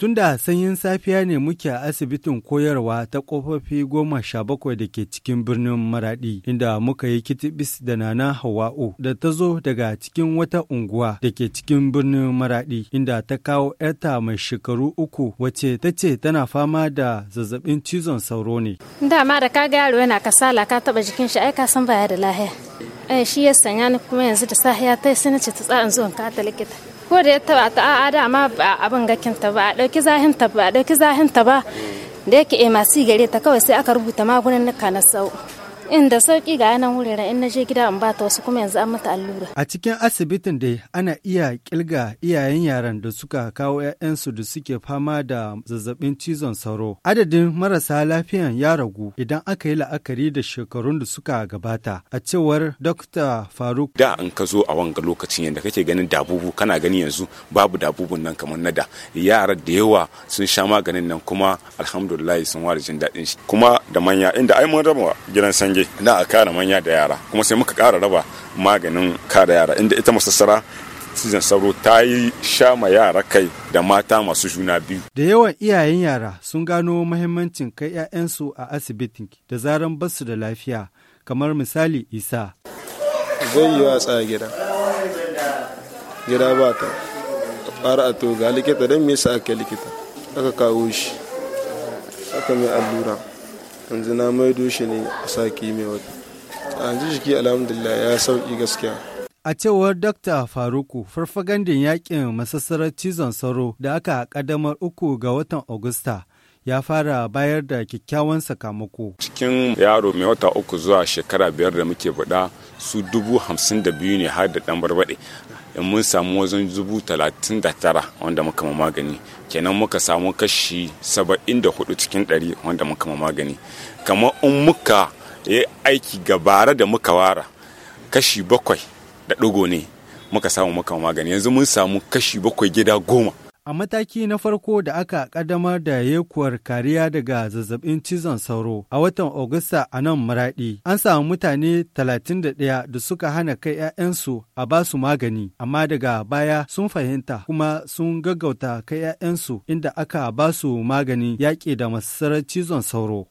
Tun da sanyin safiya ne muke a asibitin koyarwa ta ƙofofi goma sha bakwai da ke cikin birnin Maraɗi, inda muka yi kitibis da Nana Hawa'u da ta zo daga cikin wata unguwa da ke cikin birnin Maraɗi, inda ta kawo ‘yarta mai shekaru uku wace ta ce tana fama da zazzabin cizon sauro ne. Dama da ka ga yaro yana kasala ka taɓa jikin shi ai ka san baya da lahiya. Eh shi ya sanya ni kuma yanzu da safiya ta sai na ce ta tsarin zuwan ka ta likita. ko da ya taba ta ada ma ba abin ta ba a dauki zahin ta ba a dauki ɗauki ta ba da yake eh, masu gare ta kawai sai aka rubuta magunan nuka na sau In da sauki ga yanan wuraren in na je gida in ba ta wasu kuma yanzu an mata allura. A cikin asibitin dai ana iya kilga iyayen yaran da suka kawo 'ya'yansu da suke fama da zazzabin cizon sauro. Adadin marasa lafiyan ya ragu idan aka yi la'akari da shekarun da suka gabata. A cewar Dr. Faruk. Da an ka zo a wanga lokacin yadda kake ganin dabubu kana gani yanzu babu dabubun nan kamar na da. Yara da yawa sun sha maganin nan kuma alhamdulillah sun ware jin daɗin shi. Kuma da manya inda ai mun raba gidan sange na a kare manya da yara kuma sai muka kara raba maganin kare yara inda ita masassara cizon sauro ta yi sha ma yara kai da mata masu juna biyu. Da yawan iyayen yara sun gano mahimmancin kai 'ya'yansu a asibitin da zaran basu da lafiya kamar misali isa. Zai yi watsa gida. Gida ba ta. Fara a toga likita don me yasa aka likita. Aka kawo shi. Aka mai allura. yanzu na maido shi ne a saki mai wata a yanzu shiki alhamdulillah ya sauki gaskiya A cewar Dr. Faruku, farfagandin yakin masassarar cizon sauro da aka kadamar uku ga watan Agusta ya fara bayar da kyakkyawan sakamako. Cikin yaro mai wata uku zuwa shekara biyar da muke buɗa su dubu hamsin da biyu ne har da dan barbaɗe in mun samu wajen dubu talatin da tara wanda muka ma magani kenan muka samu kashi saba'in da hudu cikin ɗari wanda muka ma magani kamar in muka yi aiki gabara da muka wara kashi bakwai da ɗigo ne muka samu muka ma magani yanzu mun samu kashi bakwai gida goma A mataki na farko da aka kaddamar da yekuwar kariya daga zazzabin cizon sauro a watan Agusta a nan Maraɗi, an samu mutane 31 da suka hana kai 'ya'yansu a ba su magani, amma daga baya sun fahimta kuma sun gaggauta kai 'ya'yansu inda aka ba su magani yaƙi da masarar cizon sauro.